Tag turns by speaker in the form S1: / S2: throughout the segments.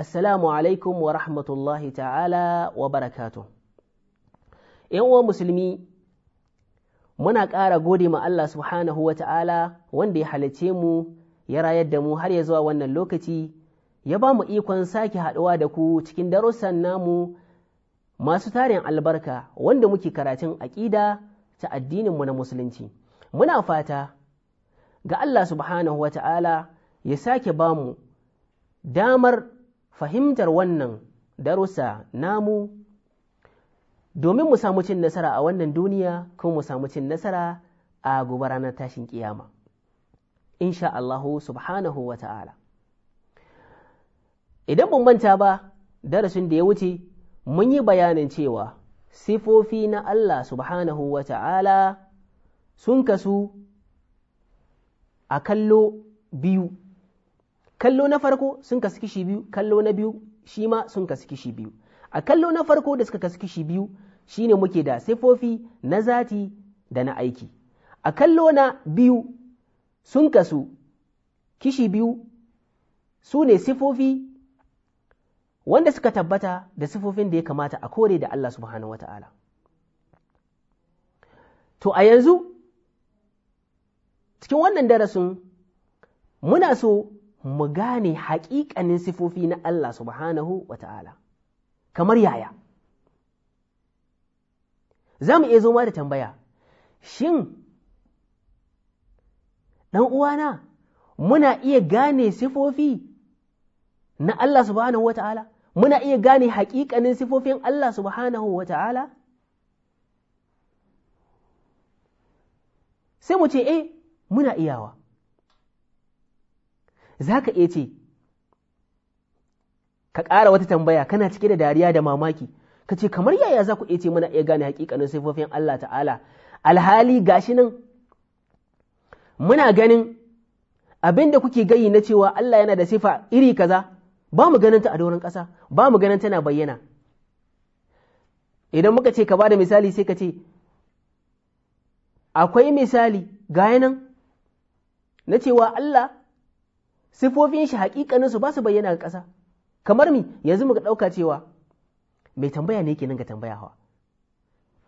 S1: Assalamu alaikum wa rahmatullahi ta'ala wa barakatu. uwa musulmi, muna ƙara gode ma Allah subhanahu wa ta'ala wanda ya halice mu, ya rayar da mu har ya zuwa wannan lokaci, ya ba mu ikon sake haɗuwa da ku cikin darussan namu masu tarin albarka wanda muke karatun aƙida ta addininmu na musulunci. Muna fata ga Allah subhanahu wa ta'ala ya sake ba mu damar fahimtar wannan darussa namu domin mu samu cin nasara a wannan duniya kuma mu samu cin nasara a gobe ranar tashin kiyama insha Allahu subhanahu wa ta'ala idan mun manta ba darasin da ya wuce mun yi bayanin cewa sifofi na Allah subhanahu wa ta'ala sun kasu a kallo biyu kallo na farko sun kasu kishi biyu kallo na biyu shi ma sun kasu kishi biyu a kallo na farko da suka kasu kishi biyu shine muke da sifofi na zati da na aiki a kallo na biyu sun kasu kishi biyu su ne sifofi wanda suka tabbata da sifofin da ya kamata a kore da Allah subhanahu wata'ala to a yanzu cikin wannan darasin muna so mu gane haƙiƙanin sifofi na Allah subhanahu wa ta'ala, kamar yaya. Za mu iya zo ma da tambaya, shin ɗan uwana muna iya gane sifofi na Allah subhanahu wa ta'ala? Muna iya gane haƙiƙanin sifofin Allah subhanahu wa ta'ala? Sai mu ce, eh, muna iyawa. za ka iya ce ka ƙara wata tambaya kana cike da dariya da mamaki ka ce kamar yaya za ku iya ce mana iya eh, gane hakikanin sifofin Allah ta'ala alhali gashi nan muna ganin abin da kuke gayi na cewa Allah yana da sifa iri kaza ba mu ganin ta a doron ƙasa ba mu ganin tana bayyana idan muka ce ka ba da misali sai ka ce akwai misali gaya nan na cewa Allah sifofin shi hakikanin su ba su bayyana ga ƙasa kamar mi yanzu muka ɗauka cewa mai tambaya ne kenan ga tambaya hawa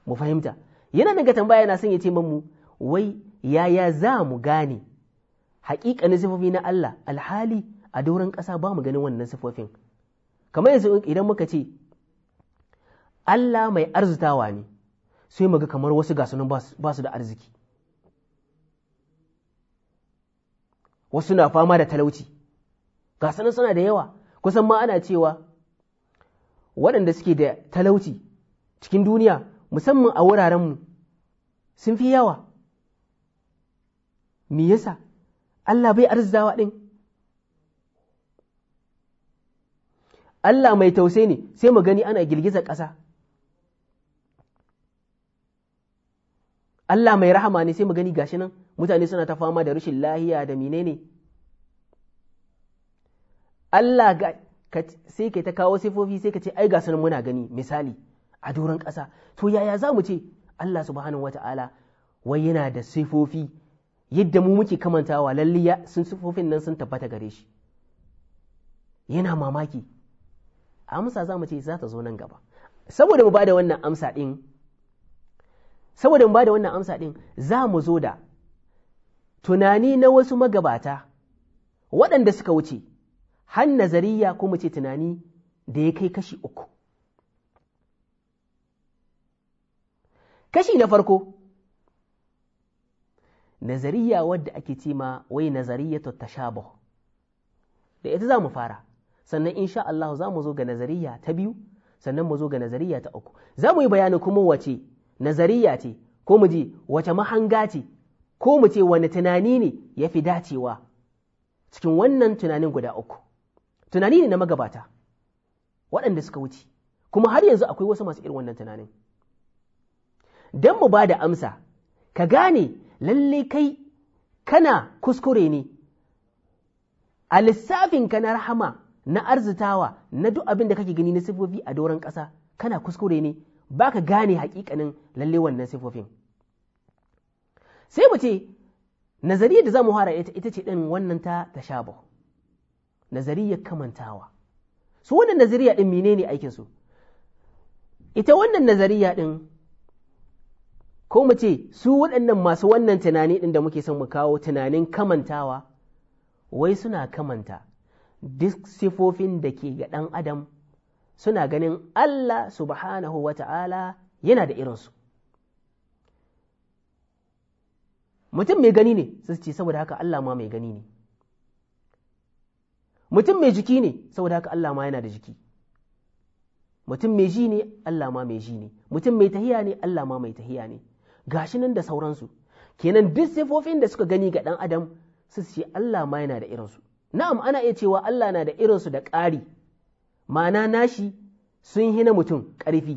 S1: mu fahimta yana daga tambaya yana son ya ce mu wai yaya za mu gane haƙiƙanin sifofi na Allah alhali a doron ƙasa ba mu ganin wannan sifofin kamar yanzu idan muka ce Allah mai arzutawa ne sai mu ga kamar wasu gasunan ba su da arziki wasu na fama da talauci ga sanin suna da yawa kusan ma ana cewa waɗanda suke da talauci cikin duniya musamman a wurarenmu sun fi yawa me yasa Allah bai arzawa ɗin Allah mai tausai ne sai mu gani ana girgiza ƙasa Allah mai rahama ne sai mu gani gashi nan mutane suna ta fama da rashin lahiya da menene Allah sai ka ta kawo sifofi sai ka ce ai ga sunan muna gani misali a doron ƙasa to yaya za mu ce Allah subhanahu wata'ala wai yana da sifofi yadda mu muke kamantawa lalle sun sifofin nan sun tabbata gare shi yana mamaki amsa za mu ce za ta zo nan gaba saboda mu ba da wannan amsa ɗin saboda mu ba wannan amsa din za mu zo da tunani na wasu magabata waɗanda suka wuce har nazariya ko mu ce tunani da ya kai kashi uku kashi na farko nazariya wadda ake ce ma wai ta tashabuh da ita za mu fara sannan insha Allah za mu zo ga nazariya ta biyu sannan mu zo ga nazariya ta uku za mu yi bayanin kuma wace nazariya ce ko mu ji wace mahanga ce ko mu ce wani tunani ne ya fi dacewa cikin wannan tunanin guda uku tunani ne na magabata waɗanda suka wuce kuma har yanzu akwai wasu masu irin wannan tunanin don mu ba da amsa ka gane lalle kai kana kuskure ne a lissafin ka na rahama na arzitawa na duk abin da kake gani na sifofi a doron ƙasa kana kuskure ne ba ka gane haƙiƙanin lalle wannan sifofin sai mu ce nazariya da za mu fara ita ce ɗin wannan ta tashabuh nazariyar kamantawa su wannan nazariya ɗin menene aikinsu ita wannan nazariya ɗin ko mu ce su waɗannan masu wannan tunani ɗin da muke son mu kawo tunanin kamantawa wai suna kamanta duk sifofin da ke ga ɗan adam suna ganin Allah subhanahu wa ta'ala yana da irinsu mutum mai gani ne sai ce saboda haka Allah ma mai gani ne mutum mai jiki ne saboda haka Allah ma yana da jiki mutum mai ji ne Allah ma mai ji ne mutum mai tahiya ne Allah ma mai tahiya ne gashi nan da sauransu kenan duk sifofin da suka gani ga dan adam su ce Allah ma yana da irinsu na'am ana iya cewa Allah na da irinsu da ƙari ma'ana nashi sun hina mutum ƙarfi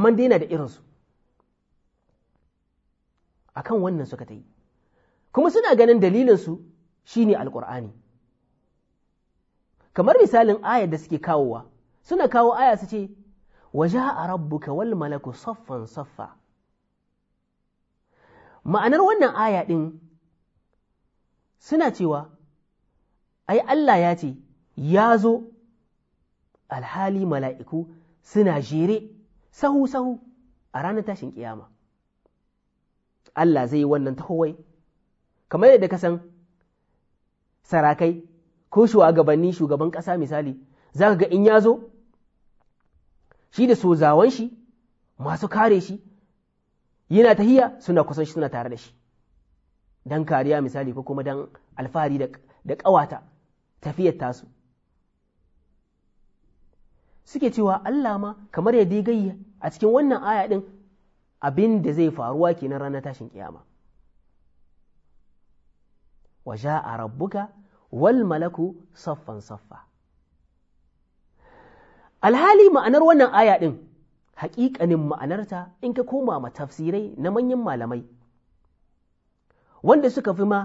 S1: amma dai yana da irinsu akan wannan suka ta yi kuma suna ganin dalilinsu shine alƙur'ani kamar misalin ayar da suke kawowa suna kawo aya su ce waje a rabbuka wal malaku saffan saffa ma'anar wannan aya ɗin suna cewa ai Allah ya ce ya zo alhali mala'iku suna jere sahu-sahu a ranar tashin ƙiyama Allah zai yi wannan tahowai kamar yadda ka san sarakai ko shugabanni shugaban ƙasa misali za ka ga in ya zo shi da sozawan shi masu kare shi yana tahiya suna kusan shi suna tare da shi don kariya misali ko kuma don alfahari da ƙawata tafiyar tasu suke cewa Allah ma kamar ya digayi a cikin wannan aya ɗin abin da zai faruwa kenan ranar tashin kiyama. wa ja'a rabbuka wal malaku saffan saffa alhali ma'anar wannan aya ɗin haƙiƙanin ma'anarta in ka koma ma tafsirai na manyan malamai wanda suka fi ma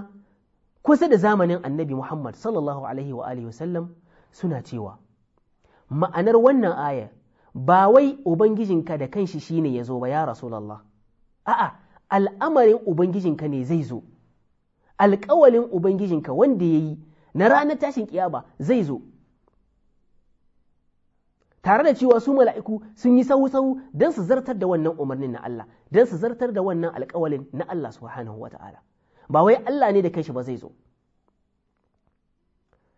S1: kusa da zamanin annabi Muhammad sallallahu alaihi wasallam suna cewa ma'anar wannan aya ba wai ubangijinka da kanshi shine ya zo ba ya rasulallah a'a al'amarin ubangijinka ne zai zo alƙawalin Ubangijinka wanda ya yi na ranar tashin kiyama zai zo, tare da cewa su mala'iku sun yi sahu-sahu don su zartar da wannan umarnin na Allah, don su zartar da wannan alƙawalin na Allah su wa ta'ala, ba wai Allah ne da kanshi ba zai zo.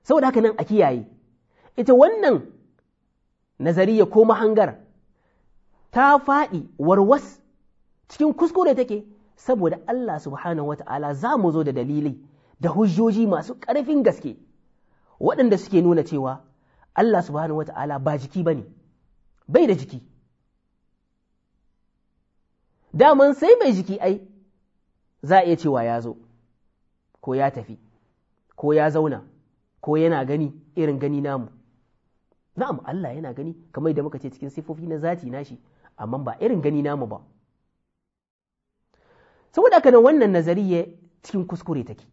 S1: Saboda haka nan a kiyaye, ita wannan nazariya ko mahangar ta faɗi warwas cikin kuskure take saboda Allah subhanahu wata'ala za mu zo da dalilai da hujjoji masu ƙarfin gaske waɗanda suke nuna cewa Allah subhanahu wata'ala ba jiki ba ne bai da jiki daman sai mai jiki ai za a iya cewa ya zo ko ya tafi ko ya zauna ko yana gani irin gani namu na'am Allah yana gani kamar da muka ce cikin sifofi na zati nashi amma ba irin gani namu ba saboda haka nan wannan nazariya cikin kuskure take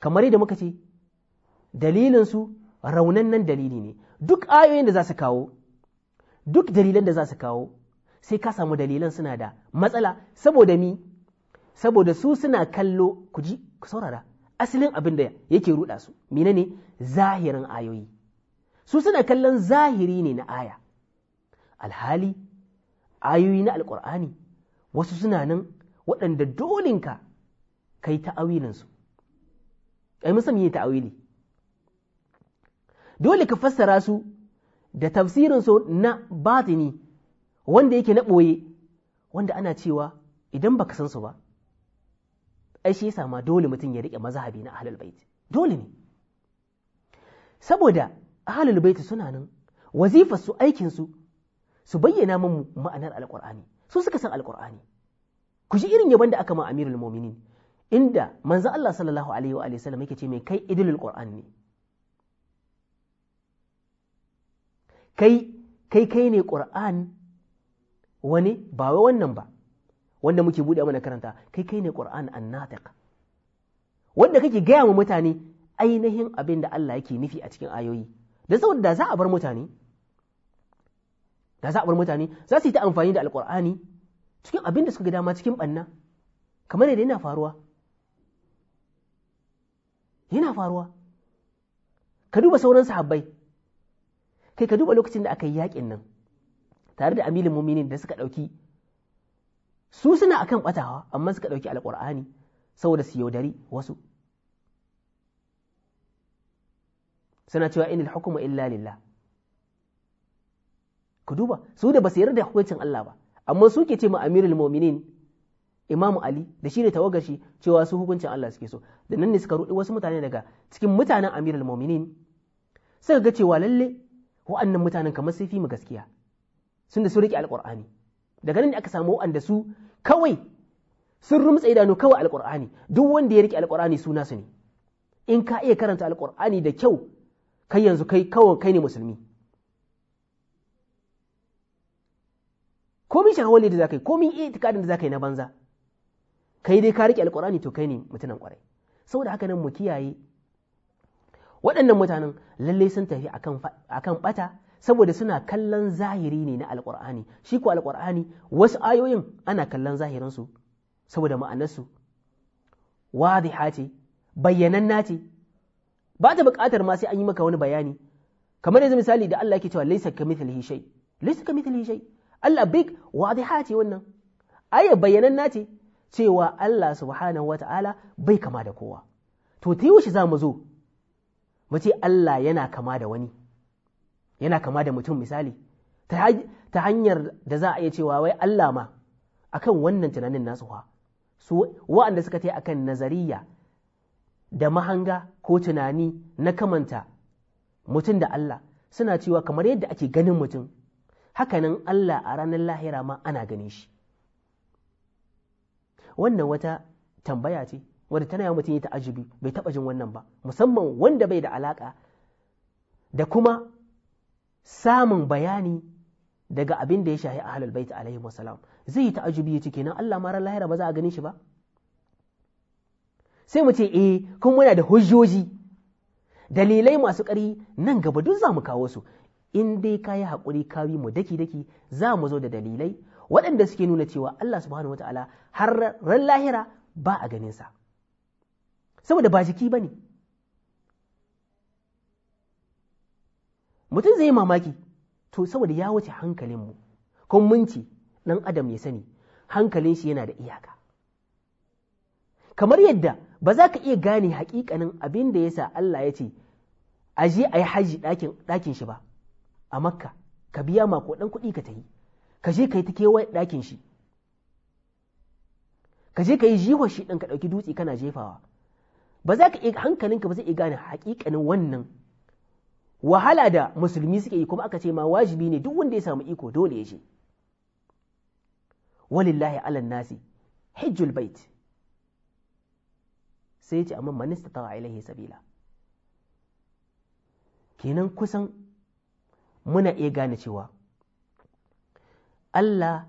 S1: kamar yadda muka ce dalilinsu raunannen dalili ne duk ayoyin da za su kawo duk dalilan da za su kawo sai ka samu dalilan suna da matsala saboda mi saboda su suna kallo ku ji ku saurara asalin abin da yake ruɗa su mine ne zahirin ayoyi su suna kallon zahiri ne na aya alhali ayoyi na alƙur'ani wasu suna nan waɗanda dolinka ka yi ta'awilinsu ai musamman yi ta'awili dole ka fassara su da tafsirinsu na batini wanda yake na ɓoye wanda ana cewa idan baka san su ba ai shi yasa ma dole mutum ya riƙe mazhabi na ahlul bait dole ne saboda ahlul bait suna nan wazifar su aikin su su bayyana min ma'anar alƙur'ani su suka san alƙur'ani ku ji irin yaban da aka ma amirul mu'minin inda manzo Allah sallallahu alaihi wa alihi sallam yake ce mai kai idilul qur'an ne kai kai kai ne qur'an wani ba wai wannan ba wanda muke bude mana karanta kai kai ne qur'an annatiq wanda kake gaya wa mutane ainihin abin da Allah yake nufi a cikin ayoyi da saboda da za a bar mutane da za a mutane za su yi ta amfani da alkur'ani cikin abin da suka ga dama cikin ɓanna. kamar yadda yana faruwa yana faruwa ka duba sauran sahabbai kai ka duba lokacin da aka yi yaƙin nan tare da amilin muminin da suka ɗauki su suna akan batawa amma suka ɗauki alkur'ani saboda su yaudari wasu suna cewa inil hukuma illa lillah ku duba su da ba su yarda da hukuncin Allah ba amma su ke ce ma amirul mu'minin imamu ali da shi ne tawagar shi cewa su hukuncin Allah suke so da nan ne suka rudi wasu mutane daga cikin mutanen amirul mu'minin suka ga cewa lalle wa'annan mutanen kamar sai fi mu gaskiya sun da su riƙe alƙur'ani daga nan ne aka samu wa'anda su kawai sun rumtsa idanu kawai alƙur'ani duk wanda ya riƙe alƙur'ani suna su ne in ka iya karanta alƙur'ani da kyau kai yanzu kai kawai kai ne musulmi komin shagawali da zaka yi komin itikadin da zaka yi na banza kai dai ka rike alkurani to kai ne mutunan kwarai saboda haka nan mu kiyaye waɗannan mutanen lallai sun tafi akan bata saboda suna kallon zahiri ne na alkur'ani shi ko alkur'ani wasu ayoyin ana kallon zahirinsu saboda ma'anarsu wadiha ce bayyananna ce ba ta buƙatar ma sai an yi maka wani bayani kamar yanzu misali da Allah yake cewa laysa kamithlihi shay laysa kamithlihi shay Allah big wadiha ce wannan aya bayanan nati. cewa Allah subhanahu wata'ala bai kama da kowa to ta yaushe za mu zo mu ce Allah yana kama da wani yana kama da mutum misali ta hanyar da za a iya cewa wai Allah ma akan wannan tunanin nasu ha su wa'anda suka ta akan nazariya da mahanga ko tunani na kamanta mutum da Allah suna cewa kamar yadda ake ganin mutum hakanan Allah a ranar lahira ma ana ganin shi wannan wata tambaya ce wadda tana mutum yi ta'ajibi bai taɓa jin wannan ba musamman wanda bai da alaƙa da kuma samun bayani daga abin da ya shahi halal baita alaihi wasalam zai yi ta'ajibi ya cike na Allah ma ran lahira ba za a gani shi ba sai mu ce eh kuma muna da hujjoji dalilai masu ƙari nan gaba duk za mu kawo su in dai ka yi haƙuri ka bi mu daki-daki za mu zo da dalilai waɗanda suke nuna cewa Allah subhanahu wa ta'ala har ran lahira ba a ganinsa saboda ba jiki ba ne mutum zai yi mamaki to saboda ya wuce hankalinmu kun munci ɗan adam ya sani hankalin shi yana da iyaka kamar yadda ba za ka iya gane hakikanin abin da ya sa Allah ya ce aje je a yi haji ɗakin shi ba a makka ka biya mako ɗan kuɗi ka ta yi ka je ka yi ta kewa ɗakin shi ka je ka yi jihon shi ɗan ka ɗauki dutse kana jefawa ba za ka hankalinka ba zai gane haƙiƙanin wannan wahala da musulmi suke yi kuma aka ce ma wajibi ne duk wanda ya samu iko dole ya je walillahi alan nasi hijjul bait sai ya ce amma manista ta ilahi sabila kenan kusan muna iya gane cewa Allah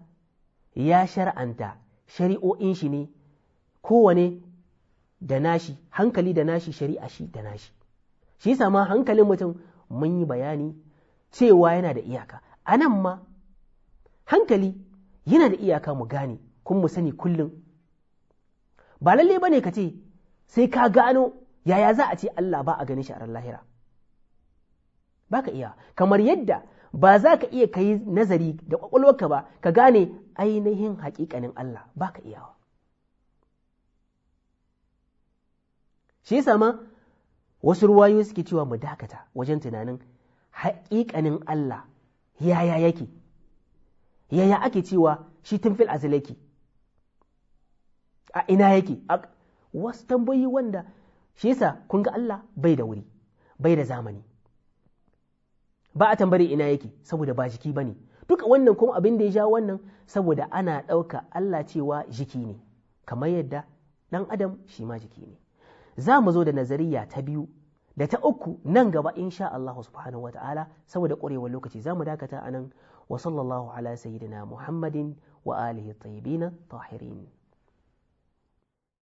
S1: ya shar'anta shari'o'in shi ne kowane da nashi hankali da nashi shari'a shi da nashi shi sama hankalin mutum mun yi bayani cewa yana da iyaka a nan ma hankali yana da iyaka mu gane kun mu sani kullum ba lalle ba ne ka ce sai ka gano yaya za a ce Allah ba a gani shi a lahira ba ka iya kamar yadda ba za ka iya ka yi nazari da ƙwaƙwalwarka ba ka gane ainihin haƙiƙanin Allah ba ka iyawa shi sama wasu ruwayoyi suke cewa mu dakata wajen tunanin haƙiƙanin Allah yaya yake yaya ake cewa shi tun fil azilaki a ina yake wasu tambayi wanda shi sa kun ga Allah bai da wuri bai da zamani ba a tambari ina yake saboda ba jiki ba ne. duka wannan kuma abin da ya ja wannan saboda ana ɗauka Allah cewa jiki ne kamar yadda ɗan adam shi ma jiki ne za mu zo da nazariya ta biyu da ta uku nan gaba insha Allah subhanahu wa ta'ala saboda ƙwarewar lokaci za mu dakata a nan wa sallallahu ala sayyidina muhammadin wa alihi tayyibina tahirin